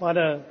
what a